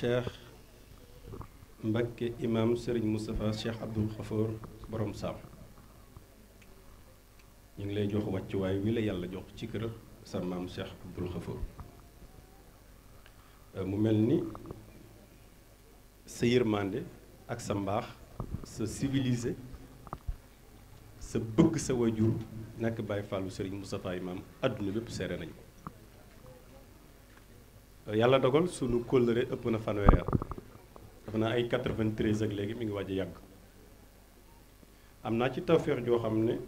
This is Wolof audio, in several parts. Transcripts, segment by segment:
cheikh Mbacké imam Serigne Moustapha cheikh Abdoul Khafour borom saam ñu ngi lay jox wàccuwaay wi la yàlla jox ci kër sa maam cheikh Abdoul Khafour euh, mu mel ni sa yërmande ak sa mbaax sa civilisé sa bëgg sa wajur nekk Baye Fallou Serigne Moustapha imam àdduna bépp seere nañu yàlla dogal suñu kóllëre ëpp na fanweeri at def naa ay 93 ak léegi mi ngi waaj a yàgg am naa ci tawféex joo xam ne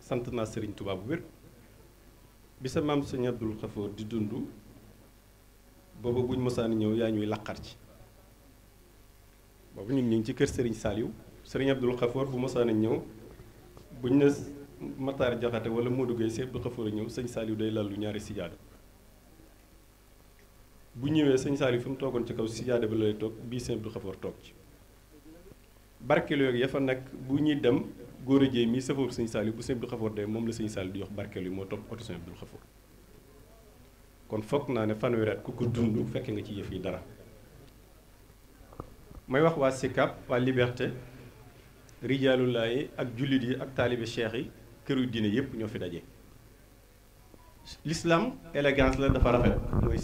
sant naa sëriñ Touba bu wér bi sa maam Sëñ Abdul Xafoor di dund booba buñ mosaan ñëw yaa ñuy laqar ci boobu ñu ngi ci kër sëriñ Saliou Serigne Abdul Xafoor bu mosaan ñëw buñ ne Matar Jaxate wala Modou Gueye Seydou Xafoor ñëw sëñ Saliou day lallu ñaari sijaada bu ñëwee sëñ Saliou fi mu toogoon ci kaw sijaada bi lay toog bii sëñ Abdou Khafor toog ci barkeelu yooyu ya nag bu ñuy dem góor a jéey mii safooru sëñ Saliou bu sëñ Abdou Khafor de moom la sëñ Saliou di wax barkeelu yi moo topp oto sëñ Abdou Khafor kon foog naa ne fanweeri ku ko dund fekk nga ci yëf yi dara may wax waa SICAP waa Liberté rijaalullaahi ak jullit yi ak taalibe cheikh yi këru diine yépp ñoo fi daje l'islam élégance la dafa rafet mooy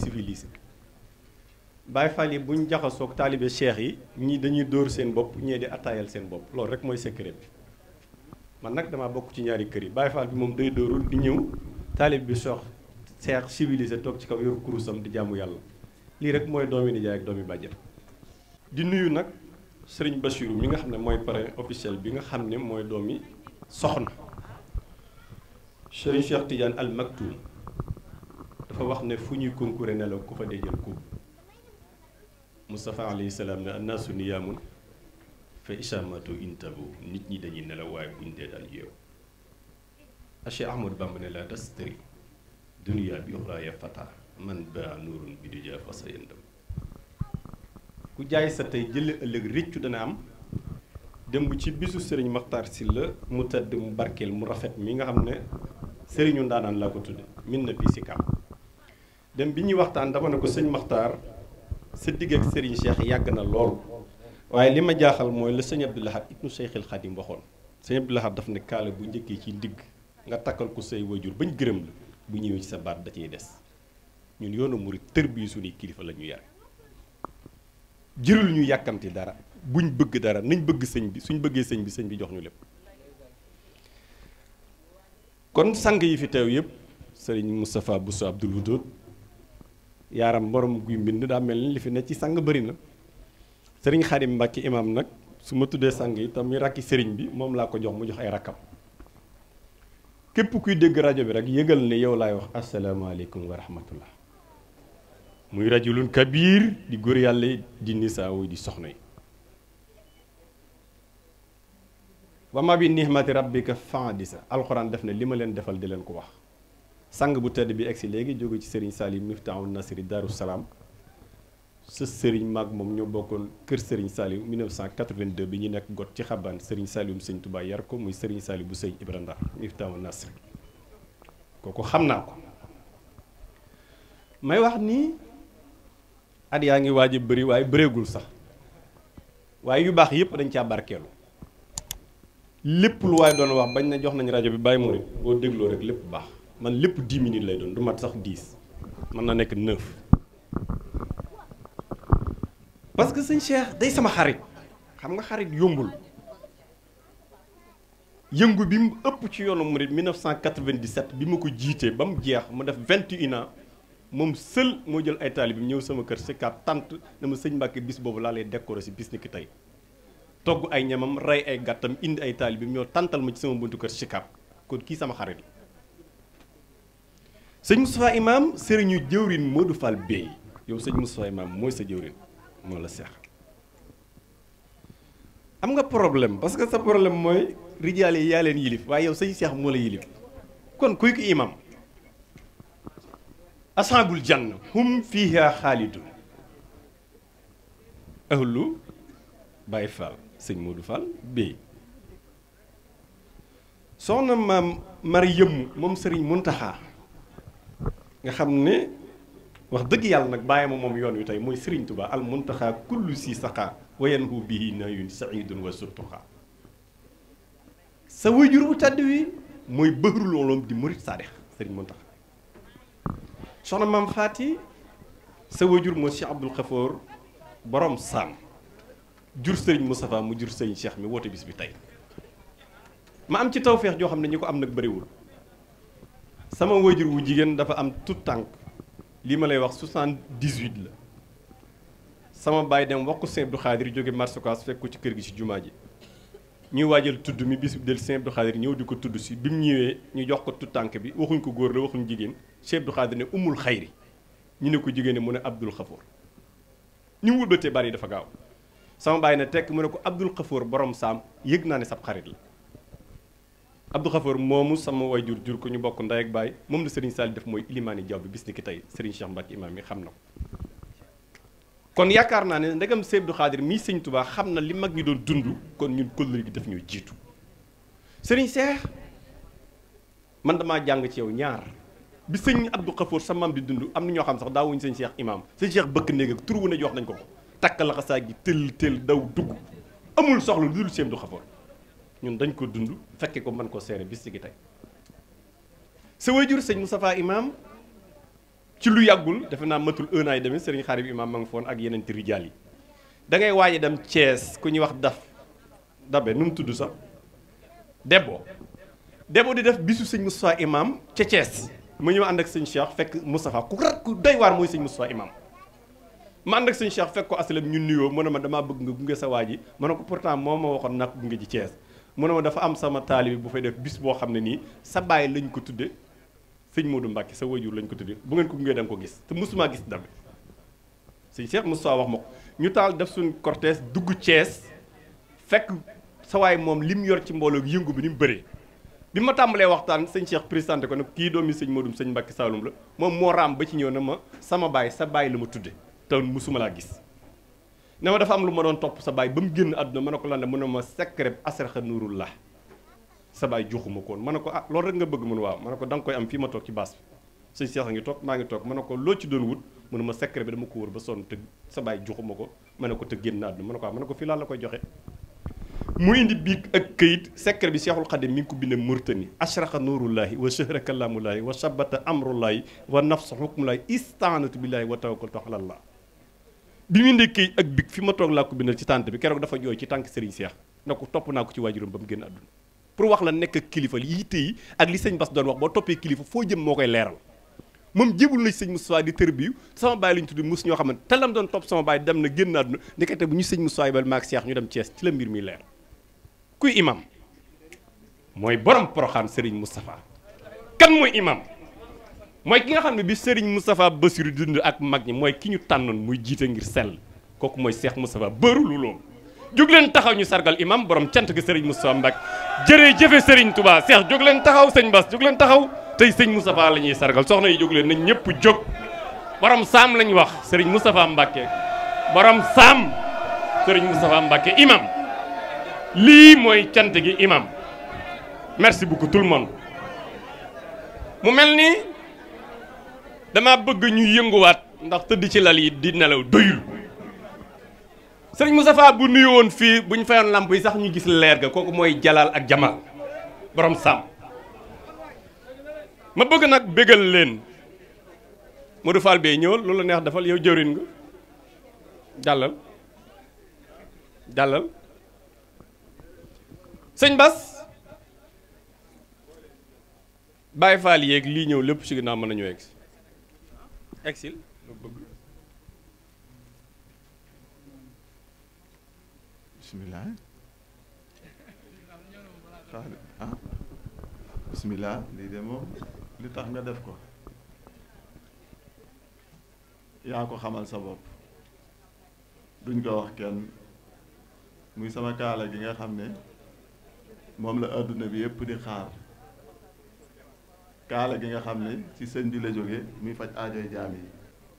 Baye Fall yi bu ñu jaxasoog taalibe cheikh yi ñii dañuy dóor seen bopp ñee di attaayal seen bopp loolu rek mooy secret bi man nag damaa bokk ci ñaari kër yi baay fal bi moom day dóorul di ñëw taalib bi sox cheikh civilisé toog ci kaw yoru kurusam di jàmm yàlla lii rek mooy doomi nijaay ak doomi bàjjen di nuyu nag sëriñ Bachirou mi nga xam ne mooy parrain officiel bi nga xam ne mooy doomi soxna sëriñ Cheikh Tidiane Al Maktoum dafa wax ne fu ñuy concourer ne ku fa dee jël Moustapha alayhi salaam ne annaasu niyaamun fa ishamatu intabu nit ñi dañuy nelaw waaye buñ dee daan yeewu Cheikh Ahmadou Bamba ne la tastari dunya bi uxraaya fata man ba nuurun bi du jaa sa yëndam ku jaay sa tey jële ëllëg réccu dana am démb ci bisu sëriñ Maxtaar Sylla mu tëdd mu barkeel mu rafet mi nga xam ne sëriñu ndaanaan laa ko tudde min na fii si kam bi ñuy waxtaan dama ne ko sëñ Maxtaar sa digg ak Serigne Cheikh yàgg na lool waaye li ma jaaxal mooy la sëñ Abdou Lahad ibnu Cheikhil Khadim waxoon sëñ Abdou Lahad daf ne kaala bu njëkkee ci ndigg nga takkal ko say wajur bañ gërëm la bu ñëwee ci sa baat da cay des ñun yoonu murid tër bii suñuy kilifa la ñu yare jërul ñu yàkkamti dara buñ bëgg dara nañ bëgg sëñ bi suñ bëggee sëñ bi sëñ bi jox ñu lépp kon sang yi fi teew yëpp sëriñ Moustapha Bousso Abdoul Wadoud yaaram borom guy mbind daa mel ni li fi ne ci sang bëri na sëriñ Xaadim Mbàkke imam nag su ma tuddee sang yi tam muy rakki sëriñ bi moom laa ko jox mu jox ay rakkam képp kuy dégg rajo bi rek yëgal ne yow laay wax asalaamaaleykum wa rahmatullah muy rajulun kabir di góor yàlla dindi nisaawu di soxna yi wa ma bi nihmati rabbika fandisa alxuraan def ne li ma leen defal di leen ko wax sang bu tedd bi egsi léegi jóge ci sëriñ Salim Miftaahu Nasri Darou Salaam sa sëriñ maag moom ñoo bokkoon kër sëriñ Salim 1982 bi ñu nekk got ci xabaan sëriñ Salim sëñ Touba yar ko muy sëriñ Salim bu sëñ Ibra Ndar Miftaahu Nasri kooku xam naa ko may wax ni at yaa ngi waaj a bëri waaye bëreegul sax waaye yu baax yëpp dañ caa barkeelu lépp lu waaye doon wax bañ ne jox nañ rajo bi bàyyi mu boo dégloo rek lépp baax. man lépp 10 minutes lay doon du mat sax 10 mën na nekk 9 parce que sëñ Cheikh day sama xarit xam nga xarit yombul yëngu bi mu ëpp ci yoonu murid 1997 bi ma ko jiitee ba mu jeex mu def 21 ans moom sël moo jël ay taalib bi ñëw sama kër si kaat tant na ma sëñ Mbàkke bis boobu laa lay décorer si bis ni tey togg ay ñamam rey ay gàttam indi ay taalib bi ñoo tantal ma ci sama buntu kër si kaat kon kii sama xarit la sëñ Moustapha Imaam sëriñu jëwrin Modou Fall Bey yow sëñ Moustapha Imaam mooy sa jëwrin moo la seex am nga problème parce que sa problème mooy rijaal yi yaa leen yilif waaye yow sëñ seex moo la yilif kon kuy ko imam ashabul janna hum fiha xaalidun ahlu Baye Fall sëñ Modou Fall Bey soxna maam Mari yëmm moom sëriñ Muntaxa nga xam ne wax dëgg yàlla nag bàyyi ma moom yoon wi tey mooy Serigne Touba al muntaxa kullu si saxaa wayanhu bihi nayun saidun wa surtuxa sa wajur bu tàdd wi muy bëhrul olom di murit sadex Serigne Muntaxa soxna maam Faati sa wajur moo Cheikh Abdoul Khafour borom saam jur Serigne Moustapha mu jur Serigne Cheikh mi woote bis bi tey ma am ci tawféex joo xam ne ñi ko am nag bëriwul sama wajur wu jigéen dafa am tout tànk li ma lay wax 78 la sama baay dem wax ko Sëñ Abdou Khadir jóge Marsoukaas fekk ko ci kër gi si jumaa ji ñuy waajal tudd mi bis del Sëñ Abdou Khadir ñëw di ko tudd si bi mu ñëwee ñu jox ko tout tànk bi waxuñ ko góor la waxuñu jigéen Sëñ Abdou Khadir ne umul xayri ñu ne ko jigéen ne mu ne Abdul Xafoor ñu wulbatee bari dafa gaaw sama baay ne tekk mu ne ko Abdul Xafoor borom saam yëg naa ne sab xarit la Abdou Khafour moomu sama wayjur jur ko ñu bokk ndey ak baay moom la Serigne Saliou def mooy ilimaani jaw bi bis ni ki tey Serigne Cheikh Mbacke imaam mi xam na ko kon yaakaar naa ne ndegam Sëñ Abdou Khadir mi Sëñ Touba xam na li mag ñi doon dund kon ñun kóllëre gi daf ñoo jiitu Serigne Cheikh man damaa jàng ci yow ñaar bi sëñ Abdou Khafour sa maam di dund am na ñoo xam sax daawuñu sëñ seex imaam sëñ Cheikh bëkk néeg ak tur wu jox nañ ko ko takk laxasaay gi tël tël daw dugg amul soxlu lu dul Sëñ Abdou Khafour ñun dañ ko dund fekkee ko man koo seere bi ci gi tey sa waajur sëñ Moustapha imaam ci lu yàggul defe naa matul un an et demi sëriñ xaarib Imam ma ngi foon ak yeneen rijaal yi da ngay waaj dem cees ku ñuy wax daf dabe nu mu tudd sax debbo debbo di def bisu sëñ Moustapha Imam ca cees ma ñëw ànd ak sëñ Cheikh fekk Moustapha ku rat ku doy waar mooy sëñ Moustapha Imam ma ànd ak sëñ Cheikh fekk ko asalam ñu nuyoo mu ne ma damaa bëgg nga gunge sa waa ji ma ne ko pourtant moo ma waxoon nag gunge ji Thiès mu ne dafa am sama taalibi bu fay def bis boo xam ne nii sa baay lañ ko tudde sëñ du Mbacke sa wajur lañ ko tudde bu ngeen ko gungee da nga ko gis te mosumaa gis damit sëñ Cheikh Moussa wax ma ko ñu taal def suñ cortège dugg cees fekk sa waay moom lim yor ci mbooloo yëngu bi ni mu bëree bi ma tàmbalee waxtaan sëñ Cheikh présenté ko nag kii doomi sëñ Modou sëñ Mbacke Saloum la moom moo raam ba ci ñëw na ma sama baay sa baay la ma tudde te mosuma laa gis ne ma dafa am lu ma doon topp sa baay ba mu génn àdduna ma ne ko lan la mu ne ma secret asraxa nuurul la sa baay joxuma koon ma ne ko ah loolu rek nga bëgg mun waaw ma ne ko da nga koy am fii ma toog ci baas bi sëñ Seex a ngi toog maa ngi toog ma ne ko loo ci doon wut mu ne ma secret bi dama ko wër ba sonn te sa baay joxuma ko ma ne ko te génn àdduna ma ne ko ah ma ne ko fii laa la koy joxe mu indi biig ak këyit secret bi Seexul Xadim mi ngi ko binde Murtani ashraqa nurullahi wa shahra kalamullahi wa shabata amrullahi wa nafsu hukmullahi istaanatu billahi wa tawakkaltu ala allah bi mu ndekkee ak big fi ma toog laa ko bindal ci tànt bi keroog dafa jooy ci tànk Serigne Cheikh na ko topp naa ko ci waajuram ba mu génn àdduna pour wax la nekk kilifa li yitte yi ak li sëñ Bass doon wax boo toppee kilifa foo jëm moo koy leeral moom jébul na ci sëñ Moustapha di tër biyu sama baay lañ tudd mus ñoo xam ne te lam doon topp sama baay dem na génn àdduna ndekete bu ñu sëñ Moustapha bal maak Cheikh ñu dem Thiès ci la mbir mi leer mooy borom poroxaan Serigne Moustapha kan mooy imam mooy ki nga xam ne bi Serigne Moustapha Bassirou dund ak mag ñi mooy ki ñu tànnoon muy jiite ngir sell kooku mooy Cheikh Moustapha bëru lu loolu jóg leen taxaw ñu sargal imam borom cant gi Serigne Moustapha Mbacke jërëjëfe Serigne Touba Cheikh jóg leen taxaw sëñ Bass jóg leen taxaw tey sëñ Moustapha la ñuy sargal soxna yi jóg leen nañ ñëpp jóg borom saam lañ wax Serigne Moustapha Mbacke borom saam Serigne Moustapha Mbacke imam lii mooy cant gi imam merci beaucoup tout mu mel ni dama bëgg ñu yënguwaat ndax tëdd ci lal yi di nelaw doyul sëriñ Moustapha bu nuyu woon fii bu ñu fayoon làmp yi sax ñu gis leer ga kooku mooy Jalal ak Jamal borom sàmm ma bëgg nag bégal leen Modou Fall bee ñëwal loolu la neex dafal yow jëwriñ nga jàllal jàllal sëñ Bas Baye Fall yeeg lii ñëw lépp ci ginnaaw mën nañu egg exil nga bëgg bismillah xaali ah bismillah lii de moom li tax nga def ko yaa ko xamal sa bopp duñ ko wax kenn muy sama kaala gi nga xam ne moom la àdduna bi yépp di xaar kaala gi nga xam ne ci sëñ bi la jógee muy faj aajoy jaam yi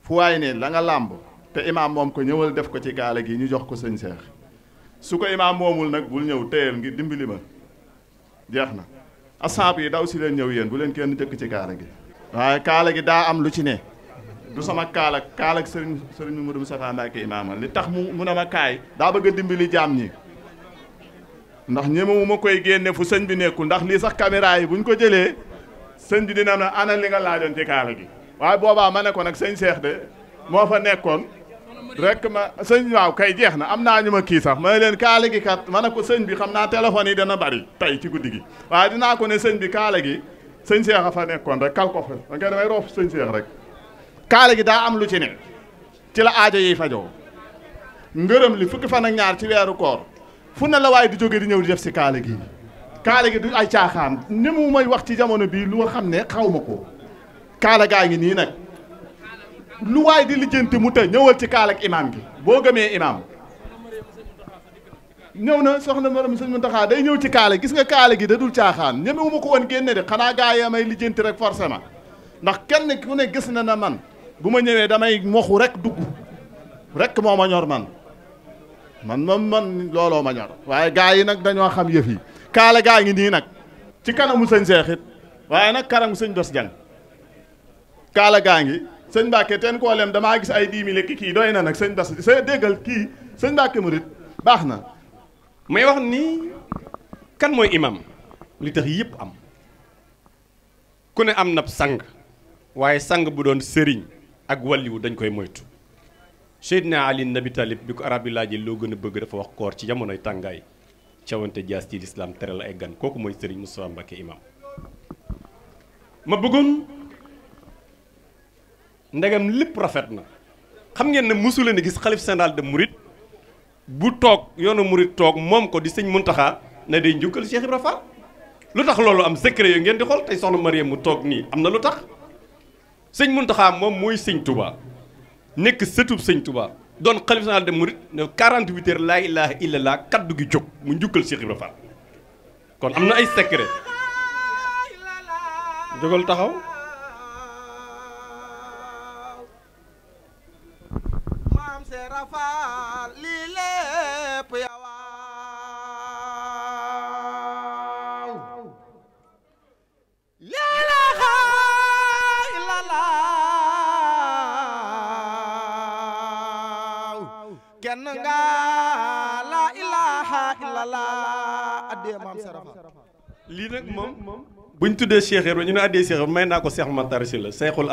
fu waay ne la nga làmb te imaam moom ko ñëwal def ko ci kaala gi ñu jox ko sëñ seex su ko imaam moomul nag bul ñëw téyel ngir dimbali ma jeex na asaab yi daw si leen ñëw yéen bu leen kenn jëkk ci kaala gi waaye kaala gi daa am lu ci ne du sama kaala kaala sëriñ sëriñ mu mudum safaa Mbàkke imaama li tax mu mu ne ma kaay daa bëgg dimbali jaam ñi ndax ñemewuma koy génne fu sëñ bi nekkul ndax lii sax caméra yi buñ ko jëlee sëñ bi dina na ana li nga laajoon ci kaala gi waaye boobaa ma ne ko nag sëñ Cheikh de moo fa nekkoon rek ma sëñ waaw kay jeex na am naa ñu ma kii sax ma ne leen kaala gi kat ma ne ko sëñ bi xam naa téléphone yi dana bari tey ci guddi gi waaye dinaa ko ne sëñ bi kaala gi sëñ Cheikh a fa nekkoon rek kal ko fa da ngay damay roof sëñ Cheikh rek kaala gi daa am lu ci ne ci la aajo yiy fajoo ngërëm li fukki fan ak ñaar ci weeru koor fu ne la waaye di jóge di ñëw di si kaala gi kaala gi du ay caaxaan ni may wax ci jamono bii lu nga xam ne xaw ma ko kaala gaa ngi nii nag lu waay di lijjanti mu te ñëwal ci kaala ak imaam gi boo gëmee imaam ñëw na soxna maram sëñ Muntaxa day ñëw ci kaala gis nga kaala gi da dul caaxaan ñemewu ma ko woon génne de xanaa gaa yee may lijjanti rek ma ndax kenn ku ne gis na na man bu ma ñëwee damay moxu rek dugg rekk moo ma ñor man man moom man looloo ma ñor waaye gaa yi nag dañoo xam kaala gaa ngi nii nag ci kanamu sëñ seexit waaye nag kanamu sëñ dos jàng kaala gaa ngi sëñ Mbàkke teen koo lem damaa gis ay dix mille kii doy na nag sëñ dos sa déggal kii sëñ Mbàkke murit baax na may wax ni kan mooy imam li tax yëpp am ku ne am na sang waaye sang bu doon sëriñ ak wàlliwu dañ koy moytu Seydina Ali nabi talib bi ko arab yi laajee loo gën a bëgg dafa wax koor ci jamonoy tàngaay cawante jaas ci lislaam la ay gan kooku mooy sëriñ Moustapha Mbacké imam ma bëggoon ndegam lépp rafet na xam ngeen ne mosu leen gis xalif général de murit bu toog yoonu murit toog moom ko di sëñ Muntaxa ne day njukkal Cheikh Ibra lu tax loolu am secret yooyu ngeen di xool tey soxla Mariam mu toog nii am na lu tax sëñ Muntaxa moom mooy sëñ Touba nekk sëtub sëñ Touba. doon xalif général des mourides ne 48 laa ilaha illallah kaddu gi jóg mu njukkal Cheikh Ibra Fall kon am na ay secret jógal taxaw lii nag moom buñ tuddee Cheikh Ibra ñu ne addee Cheikh Ibra may naa ko Cheikh Matar si la Cheikhul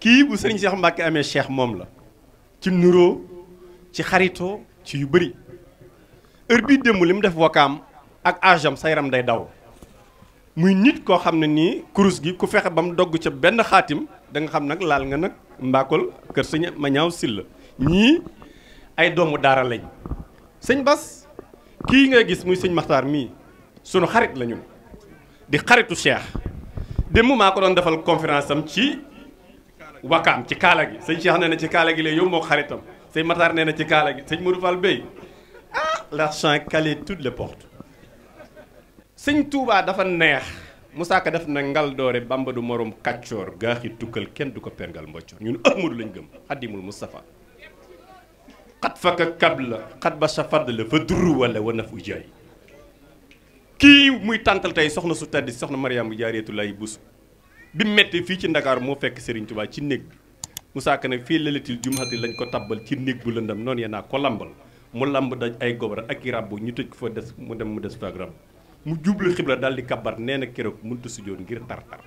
kii bu sëriñ Cheikh Mbacke amee Cheikh moom la ci nuroo ci xaritoo ci yu bari ër bii démb li mu def wakaam ak agam sa yaram day daw muy nit koo xam ne nii kurus gi ku fexe ba mu dogg ca benn xaatim da xam nag laal nga nag mbaakol kër sëñ ma ñaaw sil ñii ay doomu daara lañ sëñ Bas kii nga gis muy sëñ Maxtaar mii sunu xarit la ñun di xaritu Cheikh démb maa ko doon defal conférence am ci wakaam ci kaala gi sëñ Cheikh nee na ci kaala gi lay yow moo xaritam sëñ Maxtaar nee na ci kaala gi sëñ Modou Fall Bey ah l'argent calait toutes les sëñ tuubaa dafa neex Moussa ko def na ngal doore Bamba du morom kàccoor gaaxi tukkal kenn du ko perngal mboccoor ñun Ahmadu lañ gëm xaddimul Moustapha xat faka kab la xat ba sa fard la fa duru wala wa naf u jaay kii muy tàntal tey soxna su tedd soxna Mariama Jaareetu Laay Busu bi metti fii ci Ndakaaru moo fekk Serigne Touba ci néeg bi Moussa fii nag fii lëletil jumhati lañ ko tabbal ci néeg bu lëndam noonu yéen naa ko lambal mu lamb daj ay gobar ak i ràbb ñu tëj ko fa des mu dem mu des fa ak mu jublu xibla daal di kabar nee na keroog mënut a sujjoon ngir tar-tar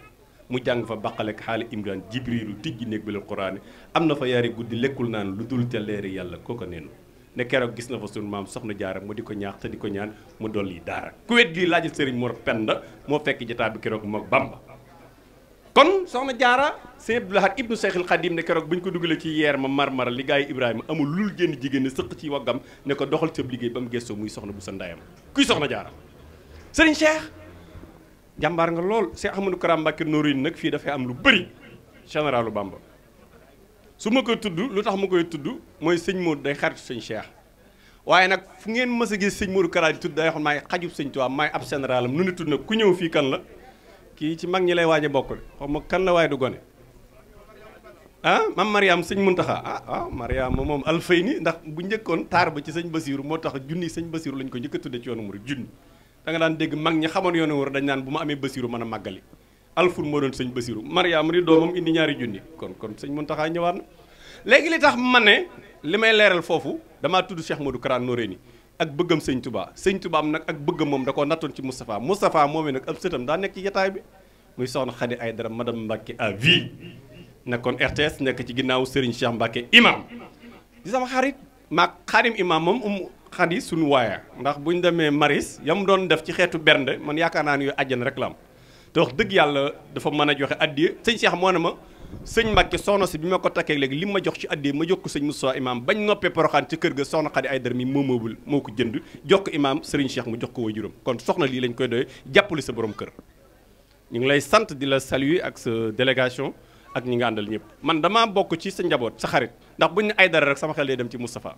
mu jàng fa baqalek xaali imran jibrilu tijji néeg bi la quraan am na fa yaari guddi lekkul naan lu dul te leeri yàlla kooka neenu ne keroog gis na fa sunu maam soxna jaara mu di ko ñaax te di ko ñaan mu dolli daara ku wet gi laajal sëriñ Mor Penda moo fekk jotaay bi keroog moog Bamba kon soxna jaara sëñ Abdul Ahad ibnu Seexil Xadim ne keroog bu ñu ko dugalee ci yeer ma mar li gars yi Ibrahima amul lul génn jigéen sëq ci waggam ne ko doxal sab liggéey ba mu gestoo muy bu sa ndayam kuy soxna jaara sëriñ jàmbaar nga lool Cheikh Ahmadou Karam Mbacké Noreyni nag fii dafay am lu bëri généralu Bamba su ma koy tudd lu tax ma koy tudd mooy sëñ Modou day xaritu sëñ Cheikh waaye nag fu ngeen mës a gis sëñ Modou Karam tudd day xam maay xajub sëñ Tuubaa maay ab généralam nu ni tudd nag ku ñëw fii kan la kii ci mag ñi lay waaj a bokk xaw ma kan la waaye du gone ah mam Mariam sëñ Muntaxa ah waaw Mariam moom alfayni ndax bu njëkkoon taar ba ci sañ Basiiru moo tax junni sëñ Basiiru lañ ko njëkk tudde ci yoonu murid junni da nga daan dégg mag ñi xamoon yoonu war dañ naan bu ma amee basiru mën a màggali alfun moo doon sëñ basiru mariama di doomam indi ñaari junni kon kon sëñ Muntaxa ñëwaat na léegi li tax man ne li may leeral foofu damaa tudd Cheikh du Kara Noreyni ak bëggam sëñ tubaa sëñ Touba am nag ak bëggam moom da koo nattoon ci Moustapha Moustapha moomee nag ab sëtam daa nekk ci jataay bi muy soxna Khady Aïdara madame Mbacke à vie kon RTS nekk ci ginnaaw Serigne Cheikh Mbacke imam di xadi suñu waaya ndax bu ñu demee maris yam doon def ci xeetu bernde man yaakaar naa ni yooyu àjjana rek la am te wax dëgg yàlla dafa mën a joxe addiye sëñ Cheikh moo ne ma sëñ Mbàkke soxna si bi ma ko takkee léegi li ma jox ci addiye ma jox ko sëñ Moussa Imaam bañ noppee poroxaan ci kër ga soxna xadi ay dara mi moo moobul moo ko jënd jox ko imaam sëriñ Cheikh mu jox ko juróom kon soxna lii lañ koy doyee jàppale sa borom kër ñu ngi lay sant di la saluer ak sa délégation ak ñi nga àndal ñëpp man damaa bokk ci sa njaboot sa xarit ndax buñ ay dara rek sama xel lay dem ci Moustapha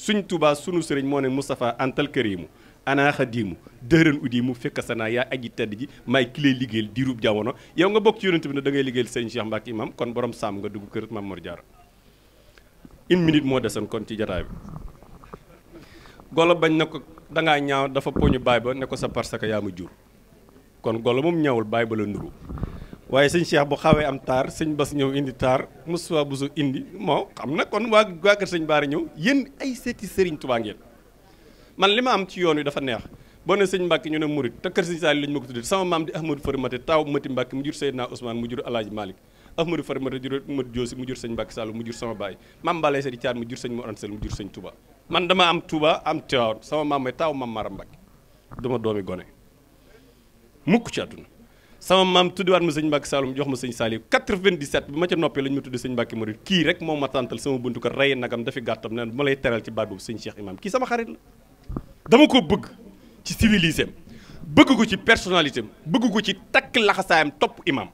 suñ tubaa suñu sëriñ moo ne Moustapha antal karimu ana xadimu dërën uddi mu fekk sa naa yaa aji tedd ji may ki lay liggéeyal diirub jamono yow nga bokk ci yonent bi ne da ngay liggéeyal sëriñ Cheikh Mbacke imam kon borom saam nga dugg kër Mame Mor Diarra minute moo desoon kon ci jataay bi golo bañ na ko dangaa ñaaw dafa poñu baay ba ne ko sa parce que yaa ma jur kon golo moom ñaawul baay ba la nuru waaye sëñ Cheikh bu xawee am taar sëñ Bas ñëw indi taar Moustapha Bousso indi moo xam na kon waa waa kër sëñ Baara ñëw yéen ay seeti sëriñ Tuubaa ngeen man li ma am ci yoon wi dafa neex boo ne sëñ Mbàkke ñu ne murit te kër sëñ Saali lañ ma ko tuddee sama maam di Ahmadou Fari Mate taaw Mati Mbàkke mu jur Seydina Ousmane jur Alaaji Malick Ahmadou mu jur sama baay maam Balaye Seydi Thiar mu jur sëñ Mor Anta Sall mu jur sëñ Touba man dama am Touba am Tiwaawan sama maam may taaw maam Maram Mbàkke duma doomi gone mukk ci àdduna sama maam tuddiwaat ma sëñ Mbàkke Saloum jox ma sëñ Saliou 97 bi ma ca noppee lañ ma tuddi sëñ Mbàkke Murid kii rek moom ma tàntal sama buntu ko rey nagam dafi gàttam ne ma lay teral ci baat boobu sëñ Cheikh Imam kii sama xarit la dama ko bëgg ci civilisé am bëgg ko ci personnalité bëgg ko ci takk laxasaayam topp imam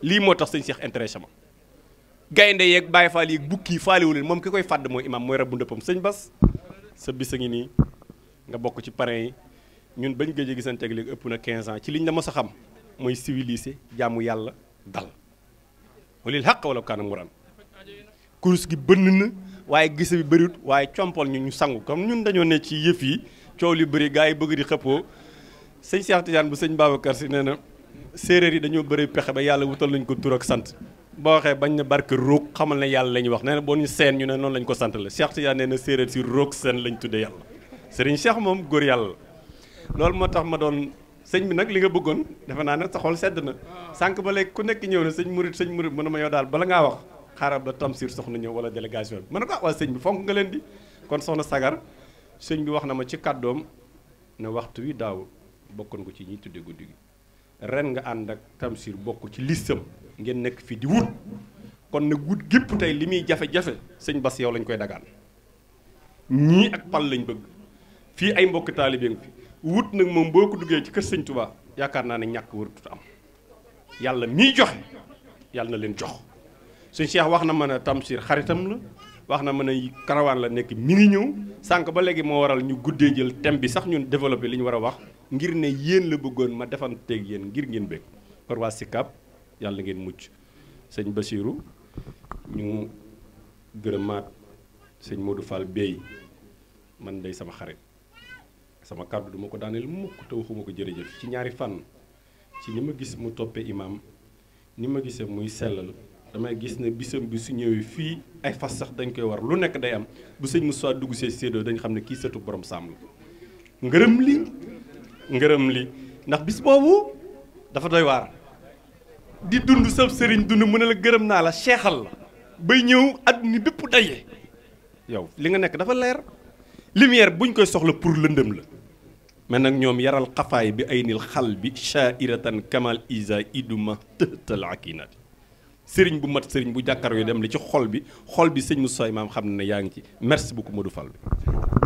lii moo tax sëñ Cheikh intéressé ma gaynde yeeg bàyyi faal yeeg bukki faaliwu leen moom ki koy fàdd mooy imam mooy rabu ndëppam sëñ Bas sa bis a ngi nii nga bokk ci parrain yi ñun bañ gëj a gisanteeg léegi ëpp na quinze ans ci liñ la mos a xam mooy civilisé jaamu yàlla dal walil xaq wala kaana muran kurus gi bënn na waaye gise bi bëriwut waaye compal ñu ñu sangu comme ñun dañoo ne ci yëf yi coow li bëri gars yi bëgg di xëppoo sëñ Cheikh Tidiane bu sëñ Babacar si nee na séeréer yi dañoo bari pexe ba yàlla wutal nañ ko tur ak sant boo waxee bañ na barke roog xamal na yàlla la ñuy wax nee na boo ñu seen ñu ne noonu lañ ko sant la Cheikh Tidiane nee na séeréer si roog seen lañ tuddee yàlla sëriñ Cheikh moom góor yàlla loolu moo tax ma doon sëñ bi nag li nga bëggoon defe naa ne sa xol sedd na sànq ba léegi ku nekk ñëw ne sëñ murit sëñ murit mën na ma yow daal bala ngaa wax xaaral ba Tamsir soxna ñëw wala délégation bi mën na ko ah waa sëñ bi fonk nga leen di kon soxna sagar sëñ bi wax na ma ci kàddoom ne waxtu wi daaw bokkoon ko ci ñi tuddee guddi gi ren nga ànd ak Tamsir bokk ci listam ngeen nekk fii di wut kon nag wut gépp tey li muy jafe-jafe sëñ Bass yow lañ koy dagaan ñii ak pal lañ bëgg fii ay mbokk taalibe wut nag moom boo ko duggee ci kër sëñ Touba yaakaar naa ne ñàkk warutut am yàlla miy joxe yàlla na leen jox sëñ Cheikh wax na mën a Tamsir xaritam la wax na mën a karawaan la nekk mi ngi ñëw sànq ba léegi moo waral ñu guddee jël thème bi sax ñun développé li ñu war a wax ngir ne yéen la bëggoon ma defanteeg yéen ngir ngeen bëgg par waa Sicap yàlla ngeen mucc sëñ Basiru ñu gërëmaat sëñ Modou Fall Bey man day sama xarit. sama kàddu duma ko daaneel mukk te waxuma ko jërëjëf ci ñaari fànn ci ni ma gis mu toppee imaam ni ma gisee muy sellal damay gis ne bisam bi su ñëwee fii ay fas sax dañ koy war lu nekk day am bu sëñ Moussa dugg see séedoo dañ xam ne kii sëtu borom sàmm la ngërëm li ngërëm li ndax bis boobu dafa doy waar di dund sa sëriñ dund mu ne la gërëm naa la seexal la bay ñëw àdduna bépp daje yow li nga nekk dafa leer lumière buñ koy soxla pour lëndëm la mais nag ñoom yaral xafaay bi ay nil xal bi shaairatan kamal isa iduma tëtal akinati sëriñ bu mat sëriñ bu jàkkaar yu dem li ci xol bi xol bi sëñ Moussa maam xam ne yaa ngi ci merci beaucoup Modou Fall bi